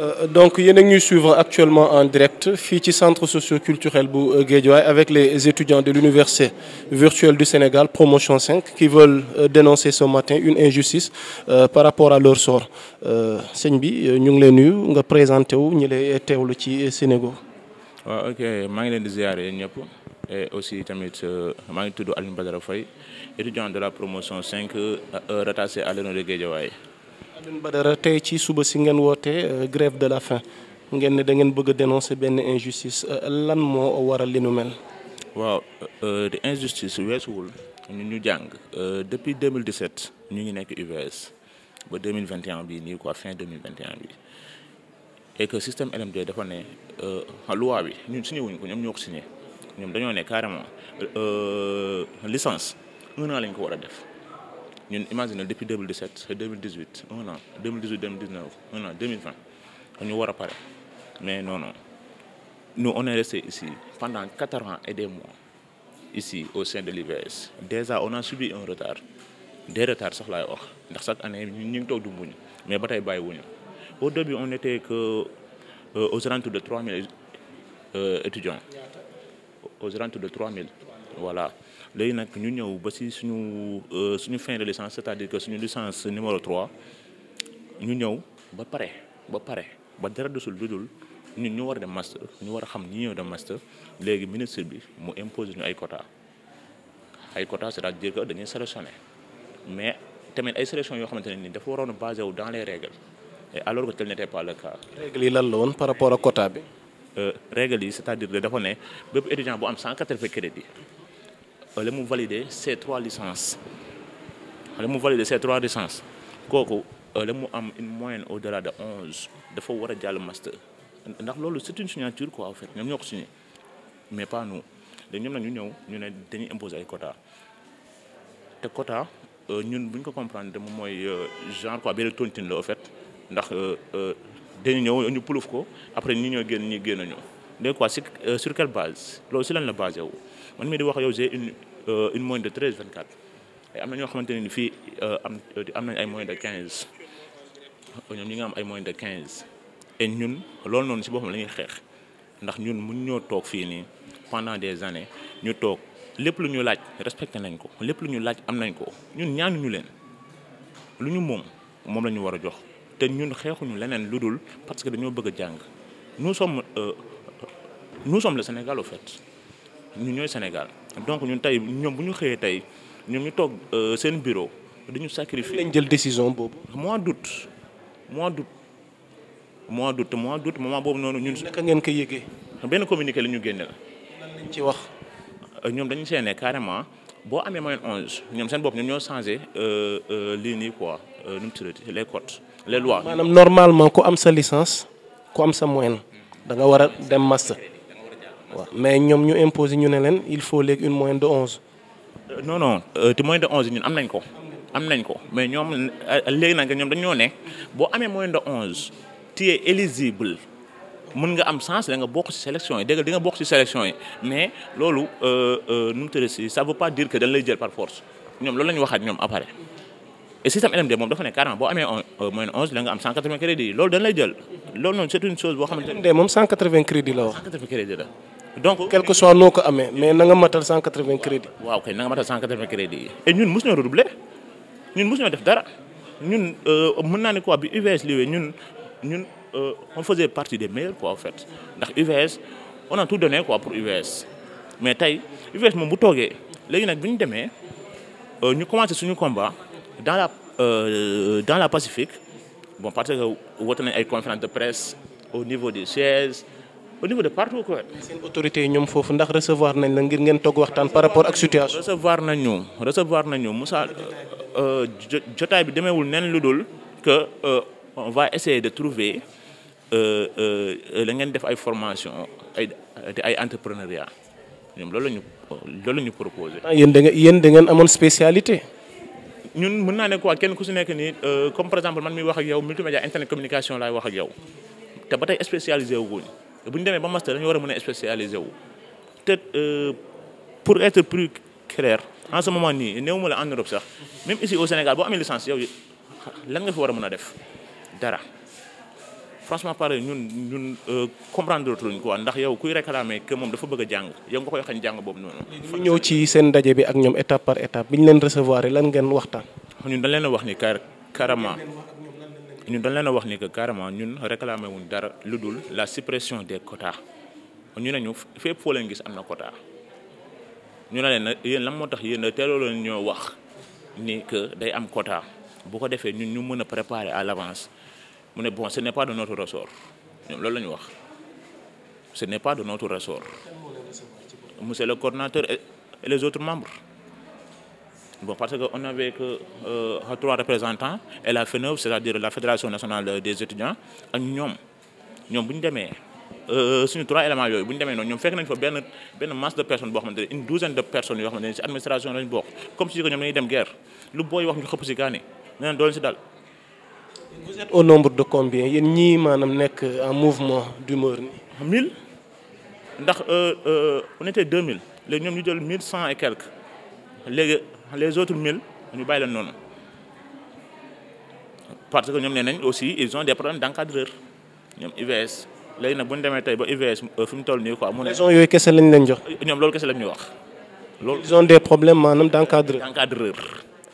Euh, donc yéen a ngi ñuy actuellement en direct fii ci centre socio-culturel bu euh, Guédiawaye avec les étudiants de l'université virtuelle du Sénégal promotion 5 qui veulent euh, dénoncer ce matin une injustice par rapport à leur sort sëñ bi ñu ngi leen nuyu nga présenté wu ñi lay teewlu ci Sénégal. waaw maa ngi leen di ziare ñëpp aussi tamit maa ngi tudd Alioune Badara Faye de la promotion 5 rattaché à l'ENO de Guédiawaye ba dara tey ci suba si ngeen woote euh, grève de la faim ngeen ne da ngeen bëgg a dénoncer benn injustice euh, lan moo waral li mel. waaw euh, di injustice weesuwul ñu ñu jàng depuis 2017 ñu ngi nekk UVS ba 2021 bii nii ko quoi fin 2021 bi et que système LMD dafa ne loi bi ñun signé wuñ ko ñoom ñoo ko ne ñoom dañoo ne carrément licence un an lañ ko war a def. ñun imagine depuis 2017 c'est 2018 un an 2018 2019 un an 2020 ñu war a pare mais non non nous on est resté quatre ans et des mois ici au sein de l'IVS déjà ona a subi un retard des retards sax laay wax ndax chaque année ñu ngi toog du muñ mais ba tey bàyyi wuñu o début on était que au euh, aux alentours de 3000 euh, étudiants aux alentours de 3000 voilà léegi nag ñu ñëw ba si suñu euh, suñu fin de licence c'est-à-dire que suñu licence numéro trois ñu ñëw ba pare ba pare ba dara desul dudul ñun ñu war a dem master ñu war a xam ñi ñëw dem master léegi ministre bi mu imposé ñu ay quota ay quota c'est-à-dire que dañuy sélectionné mais tamit ay sélection yoo xamante ne ni dafa waroon a wu dans les règles et alors que tel n'était pas le cas. règles yi lan la woon par rapport a quota bi. Euh, règles yi c'est-à-dire que dafa ne bépp étudiant bu wala euh, mu valider ces trois licences wala mu valider ces trois licences kooku wala euh, mu am une moyenne au delà de onze dafa war a jàll master ndax loolu c'est une signature quoi en fait ñoom ñoo ko signé mais pas nous léegi ñoom nag ñu ñëw ñu ne dañuy imposer ay quotas te quota euh, ñun bu ko comprendre moom mooy genre quoi benn tontine la en fait ndax dañu ñëw ñu puluf ko après ñu ñëw génn ñi génn ñu léegi quoi sur sur quelle base loolu si lan la basé wu. man mii di wax yow j'ai une euh, une moyenne de treize vingt quatre am na ñoo xamante ne ni fii euh, am euh, am nañ ay moyenne de quinze ñoom ñi nga am ay moyenne de quinze et ñun loolu noonu si boppam la ñuy xeex ndax ñun mun ñoo toog fii nii pendant des années ñu toog lépp lu ñu laaj respecté nañ ko lépp lu ñu laaj am nañ ko ñun ñaanuñu leen lu ñu moom moom la ñu war a jox te ñun xeexuñu leneen lu dul parce que dañoo bëgg a jàng nous sommes nous sommes le Sénégal fet ñu ñooy Sénégal donc ñun tey ñoom bu ñu xëyee tey ñoom ñu toog euh, seen bureau dañu ñu sacrifier. décision boobu. mois d'août mois d'août mois d'août mois d'août moment boobu noonu ñun. naka ngeen ko yëgee. benn communiquer la ñu génneel. lan lañ wax. Euh, ñoom dañu see ne carrément boo amee moyenne onze ñoom seen bopp ñoom ñoo changé euh, lii nii quoi nu mu les cotes les lois. maanaam normalement ku am sa licence ku am sa moyenne da nga war a dem master. waaw mais ñoom ñu imposer ñu ne leen il faut léegi une moyenne de onze. Euh, non non euh, te moyenne de onze ñun am nañ ko. am nañ ko mais ñoom euh, léegi nag ñoom dañoo ne boo amee moyenne de onze tu es éligible mën nga am bokk ci sélection yi dégg di nga bokk ci sélection yi mais loolu nu mu tëddee si ça veut pas dire que dañ lay jël par force ñoom loolu la ñu waxaat ñoom après et système LMD moom dafa ne carrément boo amee moyenne onze la nga am 180 loolu dañ lay jël loolu noonu c'est chose boo xamante ne. LMD moom 180 la wax. donc quel que soit noo ko amee mais nanga nga matal 180 crédits. waaw kay na nga matal 180 crédits yi. et ñun mos ñoo redoubler ñun mos ñoo def dara ñun euh, mun naa ne quoi bi UVS liwee ñun ñun euh, on faisait partie des meilleurs quoi en fait ndax UVS on a tout donné quoi pour UVS. mais tey UVS moom bu toogee léegi nag bi ñu demee euh, ñu commencé suñu combat dans la euh, Pacifique bon parce que woote nañ ay conférence de presse au niveau des sièges. au niveau de partout quoi. seen autorités yi ñoom foofu ndax recevoir nañ la ngir ngeen togg waxtaan par rapport ak situation. recevoir nañ ñu recevoir nañ ñu euh, jotaay bi demeewul nen lu dul que euh, on va essayer de trouver euh, la ngeen def ay formation ay ay entrepreneuriat ñoom lool la ñu loolu la ñu proposé. Ah, yéen da ngeen yéen da ngeen amoon spécialité. ñun mun naa ne quoi kenn ku si nekk nii comme par exemple man mi wax ak yow multimédia internet communication laay wax ak yow te ba tey spécialisé wu bu ñu demee ba master dañu war a mën a spécialisé wu. peut-être euh, pour être plus clair en ce moment nii néew ma la en Europe sax même ici au Sénégal boo amee licence yow lan nga fi war a mën a def dara. franchement parler ñun ñun euh, comprendre luñ quoi ndax yow kuy réclamer que moom dafa bëgg a jàng yow nga koy xañ jàng boobu noonu. ñu ñëw ci seen ndaje bi ak ñoom étape par étape bi ñu leen recevoir lan ngeen waxtaan. ñun dañ leen a wax ni car carrément ñun dañ leen wax ni que carrément ñun réclamé wuñ dara lu dul la suppression des quotas ñu ne ñu fépp foo leen gis am na quota ñu ne leen yéen lan moo tax yéen teeloo leen ñoo wax ni que day am quota bu ko defee ñun ñu mën a préparer à l'avance mu ne bon ce n'est pas de notre ressort ñoom loolu la ñu wax ce n'est pas de notre ressort monsieur le cordinateur et les autres membres Bon, parce qu'on n'avait que euh, trois représentants et la FENEV, c'est-à-dire la Fédération nationale des étudiants, ak ñoom ñoom bu ñu demee euh, suñu trois éléments yooyu bu ñu demee noonu ñoom fekk nañ fa benn benn masse de personnes boo xamante ne une douzaine de personnes yoo xamante ne si administration lañ bokk comme si que ñoom dañuy dem guerre lu booy wax ñu xëpp si gaani nee na si dal. de mille ndax euh, euh, on était léegi ñoom ñu jël mille cent et léegi. les autres mille ñu bàyyi leen noonu parce que ñoom nee nañ aussi ils ont des problèmes d'encadreur ñoom IVS léegi nag bu ñu demee tey ba IVS euh, fi mu toll nii quoi. mu yooyu kese lañ leen ñoom loolu kese lañ ñu wax. loolu ils ont des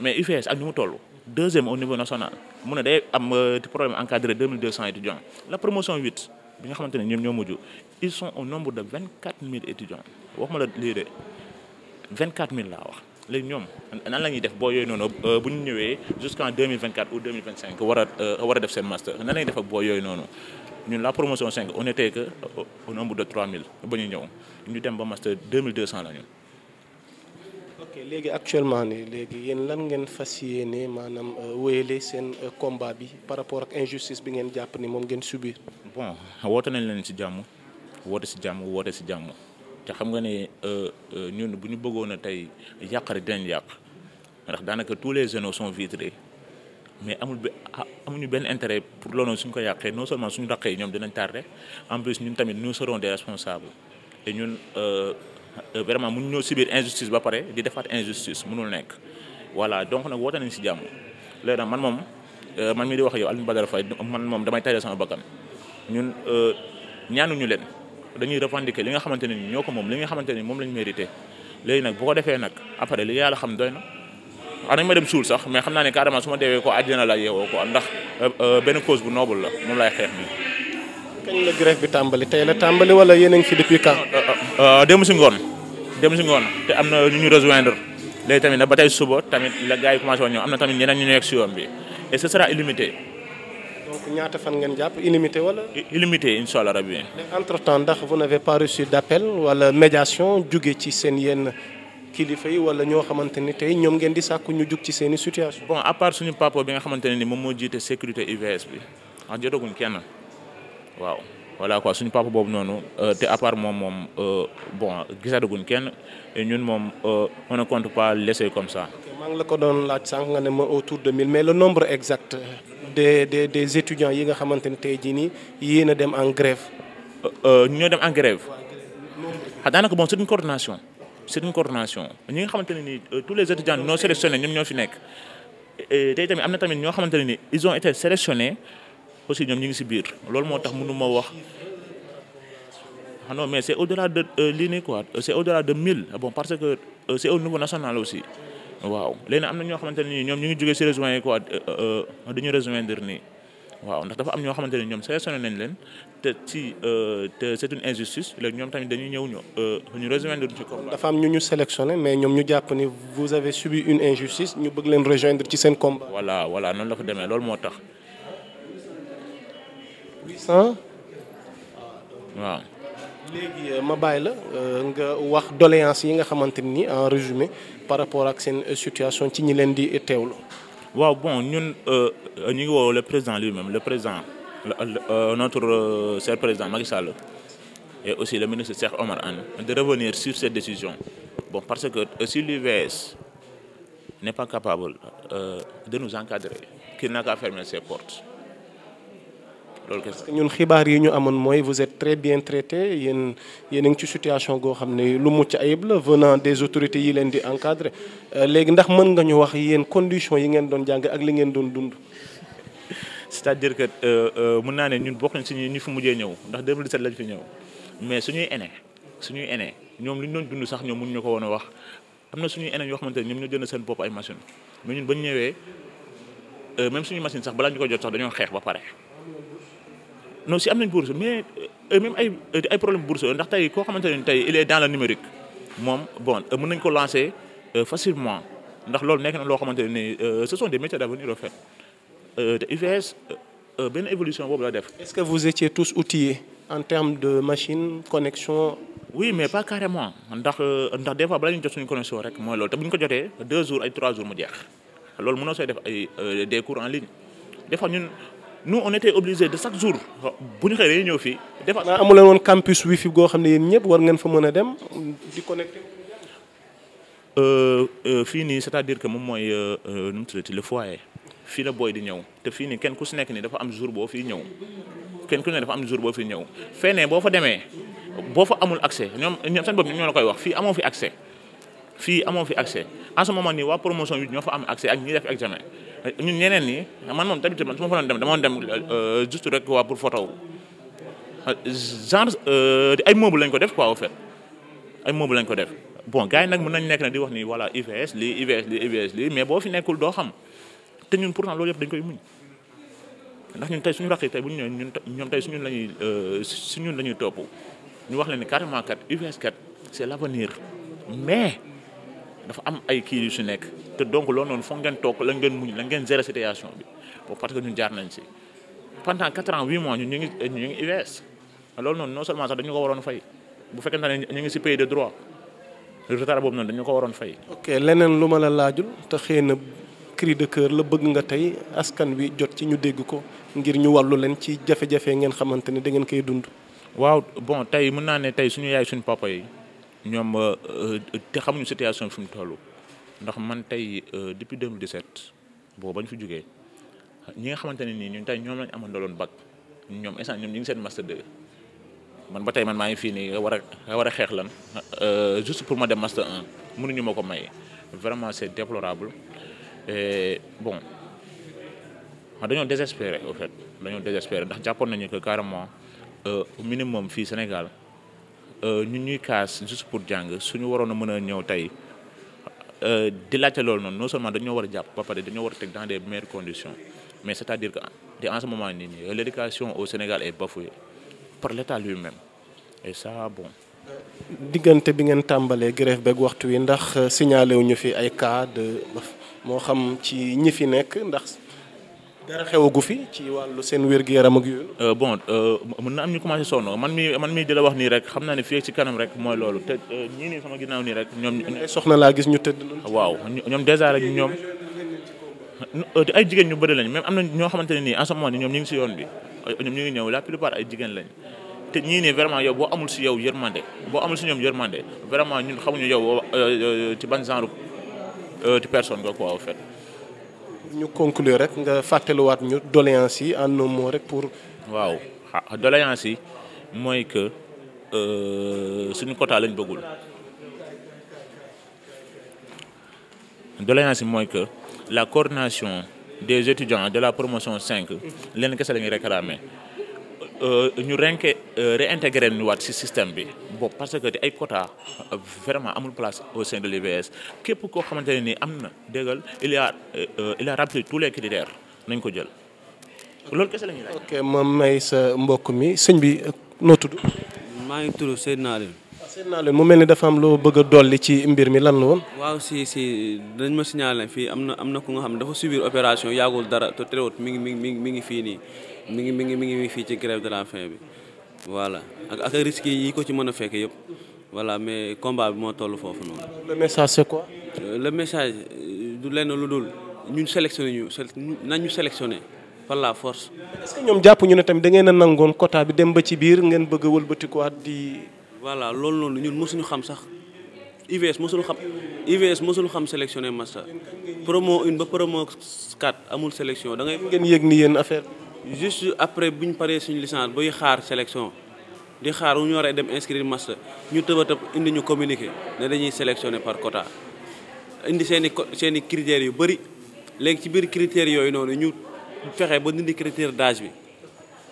mais mu toll. deuxième au niveau national mu ne day am euh, problème encadré 2200 étudiants la promotion 8 bi nga xamante ne ñoom ñoo mujj ils sont au nombre de 24000 étudiants waxuma la laa wax. léegi ñoom nan la ñuy def boo yooyu noonu euh, bu ñu ñëwee jusqu'en 2024 ou 2025 war a euh, war a def seen master nan la ñuy def ak boo yooyu noonu ñun la promotion 5 on était que euh, au nombre de 3000 ba ñu ñëw ñu dem ba master 2200 la ñu. ok léegi actuellement nii léegi yéen lan ngeen fas yéene maanaam wéyale seen combat bi par rapport ak injustice bi ngeen jàpp ni moom ngeen subir. bon woote nañ leen si jàmm woote ci jàmm woote ci jàmm. te xam nga ne euh, euh, ñun bu ñu bëggoon a tey yàq rek dinañ yàq ndax daanaka tous les jeunes sont vitrés mais amul bi ah, amuñu benn intérêt pour loolu suñ ko yàqee non seulement suñu raqee ñoom dinañ tardé en plus ñun tamit nous serons des responsables te ñun euh, vraiment mun ñoo subir injustice ba pare di defaat injustice mënul nekk voilà donc nag woote nañ si jàmm léegi man moom man mii di wax yow Alioune Badara Faye man moom damay tayal sama bakkan ñun ñaanuñu leen. dañuy revendiquer li nga xamante ne ñoo ko moom li nga xamante ne moom lañ mérité léegi nag bu ko defee nag après li yàlla xam doy na waaw ma dem suul sax mais xam naa ne carrément su ma deewee ko àjjana la yeewoo ko ndax euh, euh, benn cause bu noble la moom laay xeex nii. kañ la tey la tàmbali wala yéen a ngi fi depuis quand. Euh, dem si ngoon dem si ngoon te am na ñu ñu rejoindre léegi tamit nag ba tey tamit la gars yi commencé woon ñëw am na tamit ñeneen ñu nekk si yoon bi et ce sera illimité. ñaata fan ngeen jàpp illimité wala. illimité incha allah rabi. entre ndax vous n'avez pas reçu d'appel wala médiation jóge ci seen yenn kilifa wala ñoo xamante ni tey ñoom ngeen di sàkku ñu jug ci seen i situation. bon à part suñu papa bi nga xamante ne ni moom moo jiite sécurité UVS bi ah jotaguñ kenn waaw. voilà quoi suñu papa boobu noonu euh, te à part moom moom euh, bon gisaguñ kenn ñun moom euh, on ne compte pas laisser comme ça. maa la ko doon laaj sànq nga ne ma autour de 1000 des des des étudiants yi nga xamante ne tey jii nii yéen a dem en grève. Euh, euh, ñoo dem engrais grève. waaw ah, daanaka bon c'est une coordination. c'est une coordination ñi nga xamante ne nii euh, tous les étudiants non sélectionnés ñoom ñoo fi nekk. tey tamit am na tamit ñoo xamante ne nii ils ont été sélectionnés aussi ñoom ñu ngi ci biir loolu moo tax mënu ma wax. ah non mais c'est au-delà de lii nii c'est au-delà de mille ah bon parce que c'est au niveau national aussi. waaw léegi am na ñoo xamante ne nii ñoom ñu ngi jógee si rejoindre yi quoi euh, euh, dañu rejoindre nii waaw ndax dafa am ñoo xamante ne ñoom sélectionné nañ leen te ci euh, te c'est une injustice léegi ñoom tamit dañuy ñëw ñu ñu rejoindre ci combat. dafa am ñu ñu sélectionné mais ñoom ñu jàpp ni vous avez subi une injustice ñu bëgg leen rejoindre ci seen combat. voilà voilà noonu la ko demee loolu moo tax. waaw. léegi euh, ma bàyyi la euh, nga wax doléance yi nga xamante ni en résumé par rapport ak seen euh, situation ci ñi leen di teewlu. waaw bon ñun ñu ngi woo le président lui-même le président notre cher président Macky Sall et aussi le ministre Cheikh Omar Anne de revenir sur cette décision bon parce que si l'UVS n'est pas capable de nous encadrer qu'il n'a qu'à fermer ses portes loolu parce que ñun xibaar yi ñu amoon mooy vous êtes très bien traité yéen yéen ngi ci situation goo xam ne lu mucc ayib la venant des autorités yi leen di encadrer euh, léegi ndax mën nga ñu wax yéen conditions yi ngeen doon jàng ak li ngeen doon dund. c'est-à-dire que euh, euh, mën naa ne ñun bokk nañ si ñu fi mujjee ñëw ndax 2017 lañ fi ñëw mais suñuy aîné suñuy aîné ñoom li ñu doon dund sax ñoom mënuñu ko woon a wax am na suñuy aîné yoo xamante ne ñoom ñoo jënd seen bopp ay machine mais ñun ñu ñëwee même suñu machine sax balaa ñu ko jot dañoo xeex ba pare. non si am nañ bourse mais euh, même ay euh, ay problème bourse ndax tey koo xamante ne tey il est dans le numérique moom bon euh, mun nañ ko lancer facilement ndax loolu nekk na loo xamante ne ce sont des métiers d'avenir en fait te UVS benn évolution boobu la def. est-ce que vous étiez tous outillés en termes de machine connexion. oui mais pas carrément ndax ndax des fois bala ñu jot suñu connexion rek mooy loolu te bu ñu ko jotee deux jours ay trois jours mu jeex loolu mënoo sooy def ay des cours en nous on était obligé de chaque jour bu ñu xëyee ñëw fi defaat naa amu leen woon campus fi goo xam ne yéen ñëpp war ngeen fa mën a dem di connecté. Euh, euh, fii nii c'est-à-dire que moom mooy euh, nu mu tuddati le foyer fii la booy di ñëw te fii nii kenn ku si nekk nii dafa am jour boo fiy ñëw kenn ku ne dafa am jour boo fiy ñëw feneen boo fa demee boo fa amul accès ñoom ñoom seen bopp ñoo la koy wax fii amoo fi accès fii amoo fi accès en ce moment nii waa promotion bi ñoo fa am accès ak ñi def examen. ñun ñeneen ñi man moom tamit man su ma fa doon dem dama dem euh, juste rek waa pour photo genre euh, ay meubles lañ ko def quoi au fait ay meubles lañ ko def bon gars yi nag mun nañ nekk ne di wax nii voilà IVS lii IVS lii IVS lii mais boo fi nekkul doo xam te ñun pour pourtant loolu yëpp dañ koy muñ ndax ñun tey suñu rakk tey bu ñu ñëwee ñun ñoom tey suñu la ñuy euh, suñu la ñuy topp ñu wax leen ni carrément kat IVS kat c'est l'avenir mais. dafa am ay kii yu su nekk te donc loolu noonu foog ngeen toog la ngeen muñ la ngeen gérer situation bi bon parce que ñun jaar nañ si pendant quatre ans huit mois ñun ñu ngi ñu ngi IVS loolu noonu non seulement sax dañu ko waroon fay bu fekkente ne ñu ngi si pays de droit retard boobu noonu dañu ko waroon fay. ok leneen lu ma la laajul te xëy na cri de cœur la bëgg nga tey askan wi jot ci ñu dégg ko ngir ñu wàllu leen ci jafe-jafe ngeen xamante ni da ngeen koy dund. waaw bon tey mën naa ne tey suñu yaay suñu papa yi. ñoom euh, euh, te xamuñu situation bi fi mu toll ndax man tey euh, depuis 2017 boobu ba ñu fi jógee ñi nga xamante ne nii ñun tey ñoom lañ amandaloon bag ñoom instant ñoom ñu ngi seen master 2 man ba tey man maa ngi fii nii war a war a xeex lan juste pour ma dem master 1 mënuñu ma ko may vraiment c'est déplorable et bon ah, dañoo désespéré au fait dañoo désespéré ndax jàppoon nañu que carrément au minimum fii Sénégal. Euh, ñu ñuy kaas juste pour jàng suñu waroon a mën a ñëw tey euh, di laajte loolu noonu non seulement dañoo war a jàpp ba pare dañoo war a teg dans des meilleures conditions mais c'est-à-dire que en ce moment nii nii l'éducation au Sénégal est bafouée par l'État lui-même et ça bon. diggante bi ngeen tàmbalee grève beeg waxtu wi ndax euh, signalé wu ñu fi ay cas moo xam ci ñi fi nekk ndax dara xewagu fi ci wàllu seen wér-gu-yaram ak yooyu. Euh, bon euh, mën na am ñu commencé sonn man mi man mii di la wax nii rek xam naa ne fii ci kanam rek mooy loolu te euh, ñii nii sama ginnaaw nii rek ñoom. soxna laa gis ñu tëdd. Ah, waaw ñoom dèjà rek ñoom. ñu bëri lañ même na ñoo xamante ne nii en ce moment ñoom ñu ngi si yoon bi ñoom ñu ngi ñëw la plupart ay jigéen lañ te ñii nii vraiment yow boo amul si yow yërmande boo amul si ñoom yërmande vraiment ñun xamuñu yow ci ban genre ci personne nga quoi en fait. ñu conclure rek nga fàttaluwaat ñu doléance yi en un mot rek pour. waaw xa yi mooy que euh, suñu quota lañ bëggul doléance yi mooy que la coordination des étudiants de la promotion cinq leen kese la ñuy réclamer euh, ñu renke euh, réintégré ñu waat ci système bi. boo parce que ay quota vraiment amul place au sein de l'UVS képp koo xamante ne nii am na déggal il y a euh, il a rempli tous nañ ko jël loolu kese ok ma may sa mbokk mi sëñ bi euh, noo tudd. maa ngi tudd Seydina Aliou. Ah, Seydina Aliou mu mel ni dafa am loo bëgg a dolli ci mbir mi lan la waaw si si dañ ma signaler fii am na am na ku nga xam ne dafa subir opération yàggul dara te teewut mi ngi mi ngi mi ngi fii nii mi ngi mi ngi mi ngi fii ci grève de la faim bi voilà. ak ak risques yi ko ci mën a fekk yëpp voilà mais combat bi moo toll foofu noonu. le message c'est ko le message du lenn lu dul ñun sélectionné ñu nañ ñu sélectionné par la force. est ñoom jàpp ñu ne tamit da ngeen a nangoon cota bi dem ba ci biir ngeen bëgg a wëlbatikuwaat di. voilà loolu noonu ñun mosuñu xam sax IVS mosul xam IVS mosul xam sélectionné master promo une ba promo 4 amul sélection da ngay. ngeen yëg ni yéen affaire juste après buñ paree suñu licence bay xaar sélection. di xaar wu ñu waree dem inscrire master ñu tëb a tëb indi ñu communiqué ne dañuy sélectionné par quota indi seen i seen i critères yu bëri léegi ci biir critères yooyu noonu ñu fexe ba dindi critère d'âge bi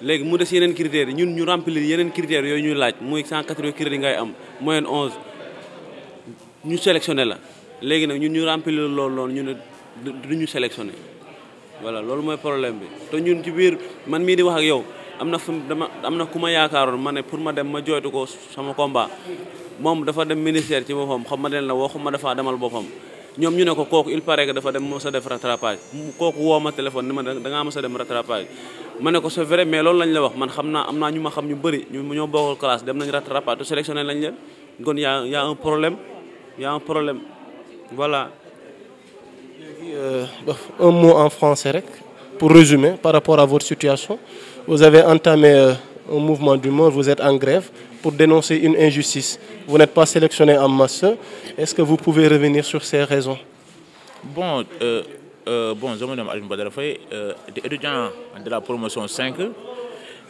léegi mu des yeneen critères yi ñun ñu remplir yeneen critères yooyu ñuy laaj muy 180 yi ngay am moyenne 11 ñu sélectionné la léegi nag ñun ñu remplir loolu loolu ñu ne du ñu sélectionné voilà loolu mooy problème bi te ñun ci biir man mii di wax ak yow. am na fu dama am na ku ma yaakaaroon ma ne pour ma dem ma jooytu ko sama combat moom dafa dem ministère ci boppam xam ma den la woo xam ma dafa demal boppam ñoom ñu ne ko kooku il paraît que dafa dem mos a def rattrapage kooku woo ma téléphone ni ma da ngaa mos a dem rattrapage ma ne ko c'est mais loolu lañ la wax man xam naa am naa ñu ma xam ñu bari ñu ñoo bokkal classe dem nañ rattrapage te sélectionné lañ leen kon yaa y' a un problème y' problème voilà. léegi euh, un mot en français rek pour résumer par rapport à votre situation. Vous avez entamé euh, un mouvement d'humeur, vous êtes en grève pour dénoncer une injustice. Vous n'êtes pas sélectionné en masse. Est-ce que vous pouvez revenir sur ces raisons Bon, euh, euh, bon je me nomme Alim Badarafay, euh, étudiant de la promotion 5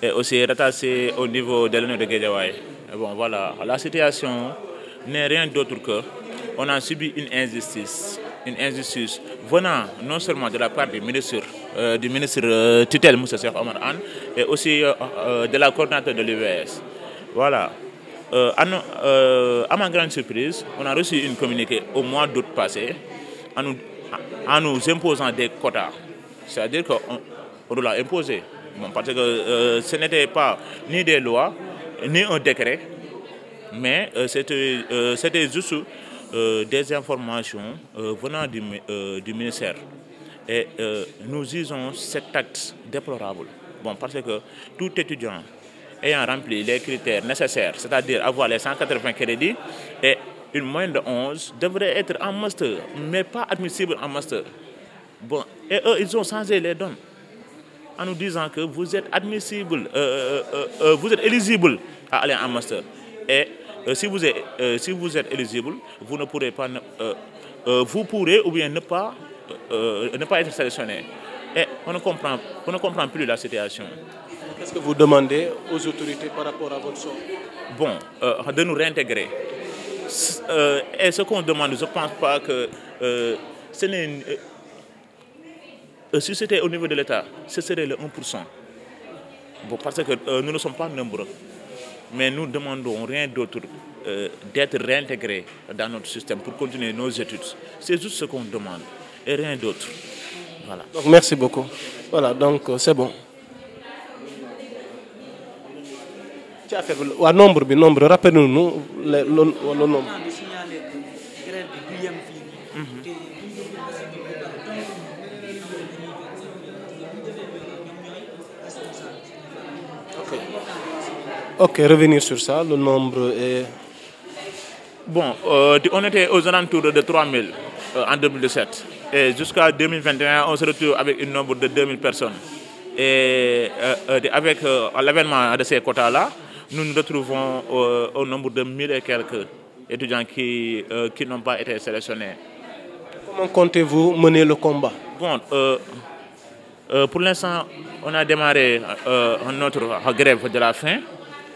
et au niveau de l'année de Guédiawaye. voilà, la situation n'est rien d'autre que on a subi une injustice une injustice venant non seulement de la part du ministre euh, du ministre euh, tutelle Moussa Cheikh Omar Anne et aussi euh, euh, de la coordinateur de l'UVS. Voilà. Euh, à, ma grande surprise, on a reçu une communiqué au mois d'août passé en nous, imposant des quotas. C'est-à-dire qu'on on l'a imposé. parce que ce n'était pas ni des lois, ni un décret, mais c'était juste Euh, des informations euh, venant du, euh, du ministère. Et nous usons cet acte déplorable. Bon, parce que tout étudiant ayant rempli les critères nécessaires, c'est-à-dire avoir les 180 crédits et une moyenne de 11, devrait être en master, mais pas admissible en master. Bon, et eux, ils ont en nous disant que vous êtes admissible, à aller en master. Euh, si vous êtes euh, si vous êtes éligible vous ne pourrez pas euh, vous pourrez ou bien ne pas ne pas être sélectionné et on ne comprend plus la situation. Qu'est-ce que vous demandez aux autorités par rapport à votre sort? Bon, euh, de nous réintégrer. et ce qu'on demande, je pense pas que euh, ce n'est une, si c'était au niveau de l'État, ce serait le 1%. Bon, parce que nous ne sommes pas nombreux. mais nous demandons rien d'autre euh, d'être réintégrés dans notre système pour continuer nos études. C'est juste ce qu'on demande et rien d'autre. Voilà. merci beaucoup. Voilà, donc euh, c'est bon. ci affaire bi nombre bi nombre rappelez-nous le le nombre. Ok, revenir sur ça, le nombre est... Bon, euh, on était aux alentours de euh, en 2017. Et jusqu'à 2021, on se retrouve avec un nombre de 2000 personnes. Et euh, euh avec l'avènement de ces quotas-là, nous nous retrouvons au, nombre de 1000 et quelques étudiants qui, qui n'ont pas été sélectionnés. Comment comptez-vous mener le combat pour l'instant, on a démarré notre grève de la faim.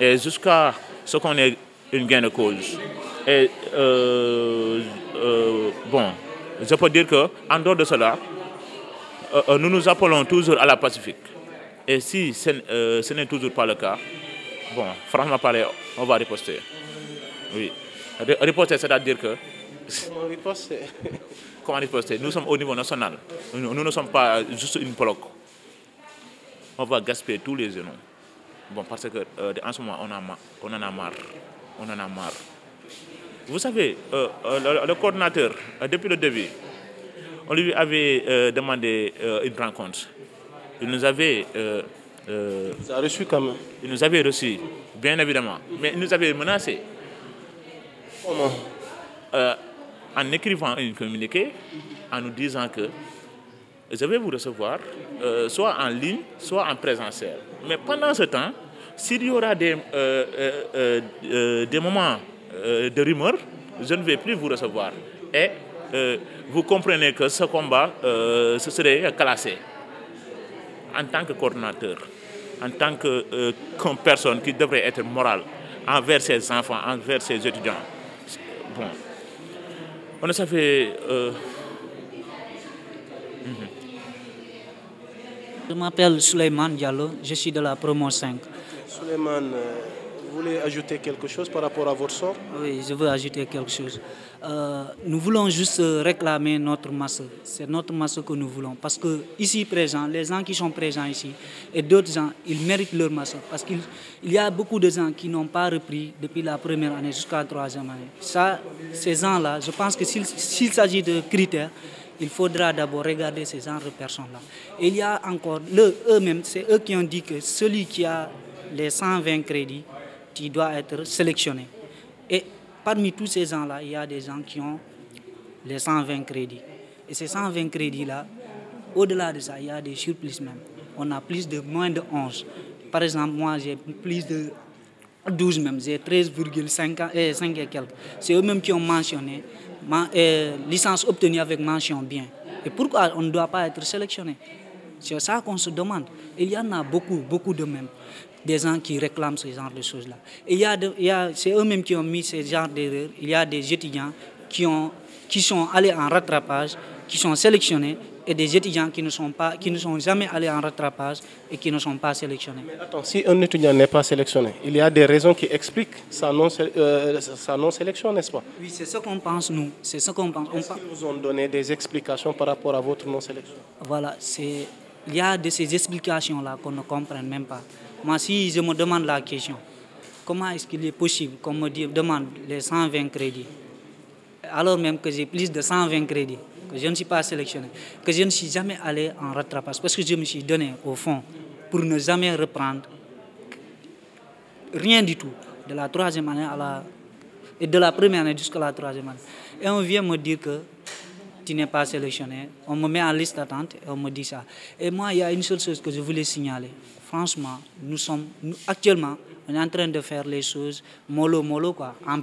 et eh, jusqu'à ce qu'on ait une gain de cause. Et euh, euh, je peux dire que en dehors de cela, euh, euh, nous nous appelons toujours à la pacifique. Et si ce n'est toujours pas le cas, bon, franchement parler, on va riposter. Riposter, c'est-à-dire que Comment riposter Comment riposter Nous sommes au niveau national. Nous, ne sommes pas juste une bloc. On va gaspiller tous les énormes. bon parce que euh, en ce moment on a marre on a marre vous savez euh, euh, le, le coordonnateur euh, depuis le début on lui avait demandé une rencontre il nous avait ça bien évidemment mais il nous avait menacé en écrivant un communiqué en nous disant que je vais vous recevoir soit en ligne soit en présentiel mais pendant ce temps s'il y aura des euh, euh, euh, euh des moments euh, de rumeur je ne vais plus vous recevoir et vous comprenez que ce combat ce serait classé en tant que coordinateur en tant que comme personne qui devrait être morale envers ses enfants envers ses étudiants bon on a ça Je m'appelle Souleymane Diallo, je suis de la promo 5. Souleymane, euh, vous voulez ajouter quelque chose par rapport à votre sort euh, nous voulons juste réclamer notre masse. C'est notre masse que nous voulons. Parce que ici présent, les gens qui sont présents ici et d'autres gens, ils méritent leur masse. Parce qu'il y a beaucoup de gens qui n'ont pas repris depuis la première année jusqu'à troisième année. ces gens-là, je pense que s'il s'agit de critères, il faudra d'abord regarder ces genres de personnes-là. Il y a encore eux-mêmes, c'est eux qui ont dit que celui qui a les 120 crédits, qui doit être sélectionné. Et parmi tous ces gens-là, il y a des gens qui ont les crédits. Et ces 120 crédits-là, au-delà de ça, il y a des surplus même. On a plus de moins de 11. Par exemple, moi, j'ai plus de 12 même, j'ai 13,5 et, euh, et quelques. C'est eux-mêmes qui ont mentionné Euh, licence obtenue avec mention bien. Et pourquoi on ne doit pas être sélectionné C'est ça qu'on se demande. Il y en a beaucoup, beaucoup de même, des gens qui réclament ce genre de choses-là. Il y a, a c'est eux-mêmes qui ont mis ce genre d'erreurs. Il y a des étudiants qui, ont, qui sont allés en rattrapage, qui sont sélectionnés et des étudiants qui ne sont pas jamais allés en rattrapage et qui ne sont pas sélectionnés. si un étudiant n'est pas sélectionné, il y a des raisons qui expliquent sa non euh, sélection, n'est-ce pas? c'est ce qu'on pense nous, c'est ce qu'on pense. des explications par rapport à votre non sélection? Voilà, c'est il y a de ces explications-là qu'on ne comprend même pas. si je me demande la question, comment est-ce qu'il est possible qu'on me demande les 120 crédits que je ne suis pas sélectionné, que je ne suis jamais allé en rattrapage, parce que je me suis donné au fond pour ne jamais reprendre rien du tout, de la troisième année à la... et de la première année jusqu'à la troisième année. Et on vient me dire que tu n'es pas sélectionné. On me met en liste d'attente et on me dit ça. Et moi, il y a une seule chose que je voulais signaler. Franchement, nous sommes, actuellement, on est en train de faire les choses mollo, mollo, quoi, en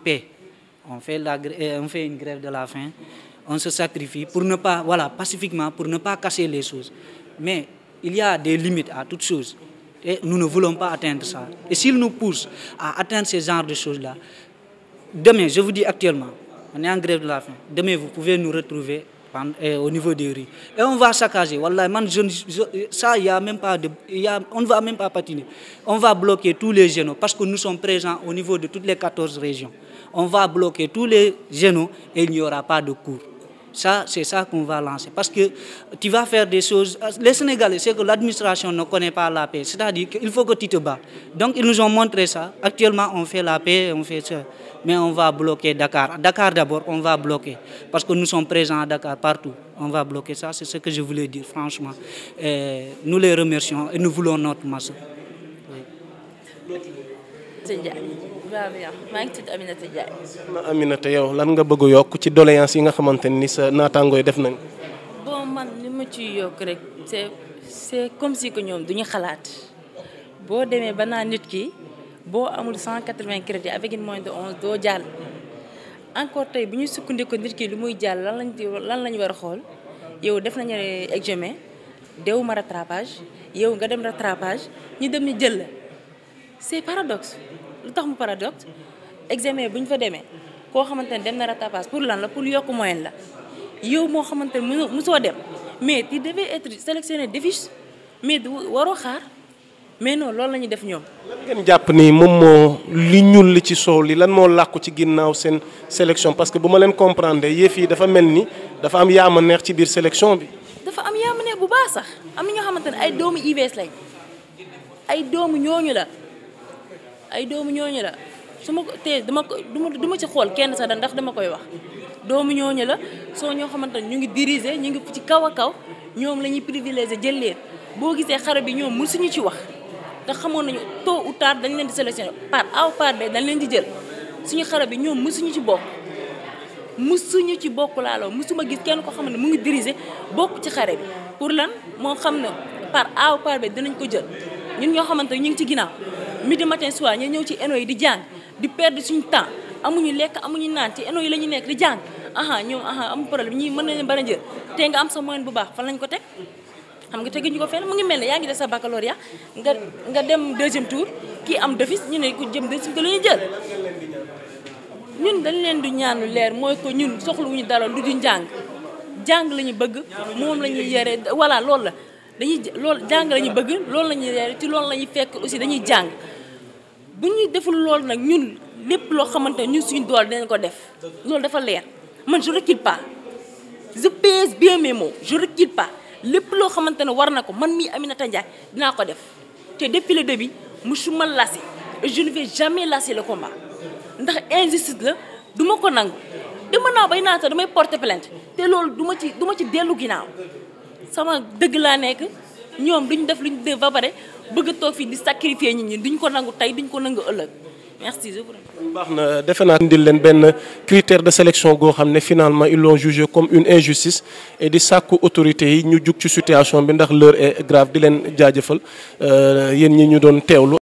on se sacrifie pour ne pas, voilà, pacifiquement, pour ne pas casser les choses. Mais il y des limites à toutes choses. Et nous ne voulons pas atteindre ça. à atteindre ce de choses-là, demain, je vous dis actuellement, on la faim, demain vous pouvez nous eh, au niveau des rues. Et on man, je, je, ça, y a même pas de, y on ne va même pas patiner. les génaux parce que nous sommes présents au niveau de toutes les 14 régions. On va bloquer tous les génaux et il n'y aura pas de cours. Ça, c'est ça qu'on va lancer. Parce que tu vas faire des choses. Les Sénégalais, c'est que l'administration ne connaît pas la paix. C'est-à-dire qu'il faut que tu te bats. Donc, ils nous ont montré ça. Actuellement, on fait la paix, on fait ça. Mais on va bloquer Dakar. d'abord, on va bloquer. Parce que nous sommes présents à Dakar partout. On va bloquer ça. C'est ce que je voulais dire, franchement. Et nous les remercions et nous voulons notre masse. Oui. waaw bien maa ngi tudd Aminata Ndiaye. Aminata yow lan nga bëgg yokk ci doléance yi nga xamante ni sa naataangoo yi def nañ bon man li ma ci yokk rek c'est c'est comme si que ñoom duñu xalaat boo demee ba naa nit ki boo amul 180 crédits avec une moyenne de 11 doo jàll. encore tey bu ñu sukkandiku nit ki lu muy jàll lan lañ lan lañ war a xool yow def nañu examen dew ma rattrapage yow nga dem rattrapage ñu dem ñu jël la c'est paradoxe. lu tax mu paradoxe examen bu ñu fa demee koo xamante ne dem na rattrapage pour lan la pour yokk moyenne la yow moo xamante ne mënoo mësoo dem mais tu devais être sélectionné d'office mais du waroo xaar mais non loolu la ñu def ñoom. lan ngeen jàpp ni moom moo li ñuul li ci soow li lan moo làkku ci ginnaaw seen sélection parce que bu ma leen comprendre yëf yi dafa mel ni dafa am yaama neex ci biir sélection bi. dafa am yaama neex bu baax sax am na ñoo xamante ne ay doomu UVS ay doomu ñooñu la su ma ko tee dama ko du ma ci xool kenn sax da ndax dama koy wax doomu ñooñu la soo ñoo xamante ne ñu ngi diriger ñu ngi ci kaw a kaw ñoom la ñuy privilégié jël leen boo gisee xare bi ñoom mu suñu ci wax te xamoon nañu tôt ou dañ leen di sélectionné par A ou dañ leen di jël suñu xare bi ñoom mësuñu ci bokk mësuñu ci bokk laaloo mësuma gis kenn ko xam ne mu ngi diriger bokk ci xare bi pour lan moo xam ne par aw ou par B dinañ ko jël ñun ñoo xamante ñu ngi ci ginnaaw midi matin soir ñu ñëw ci eno yi di jàng di perdre suñu temps amuñu lekk amuñu naan ci eno yi la ñu nekk di jàng aha ñoom aha am problème ñii mën nañu bari njër te nga am sa moyen bu baax fan lañ ko teg xam nga teguñu ko fenn mu ngi mel ne yaa ngi def sa baccalauréat nga nga dem deuxième tour kii am déficit ñu ne ku jëm deuxième tour la ñuy jël ñun dañ leen du ñaanu leer mooy ko ñun soxluwuñu dara lu di njàng jàng la ñu bëgg moom la ñuy yore voilà loolu la dañuy loolu jàng la ñu bëgg loolu la ñuy yore ci loolu la ñuy fekk aussi dañuy jàng bu ñuy deful loolu nag ñun lépp loo xamante ñun suñu doole dinañ ko def loolu dafa leer man je recule pa je pèse bien mes mots je recule pas lépp loo xamante ne war na ko man mii Aminata Ndiaye dinaa ko def te depuis le début musuma lasser et je ne vais jamais lasser le combat ndax injustice la du ma ko nangu dama naa bay naa naata damay porter plainte te loolu duma ci duma ci dellu ginnaaw sama dëgg laa nekk ñoom duñ def luñ def ba pare bëgg toog fii di sacrifier nit ñi duñ ko nangu tey duñ ko nangu ëllëg merci. baax na defe naa indil leen benn critère de sélection goo xam ne finalement ils l'ont jugé comme une injustice et di sàkku autorités yi ñu jug ci situation bi ndax l'heure est grave di leen jaajëfal euh, yéen ñi ñu doon teewlu.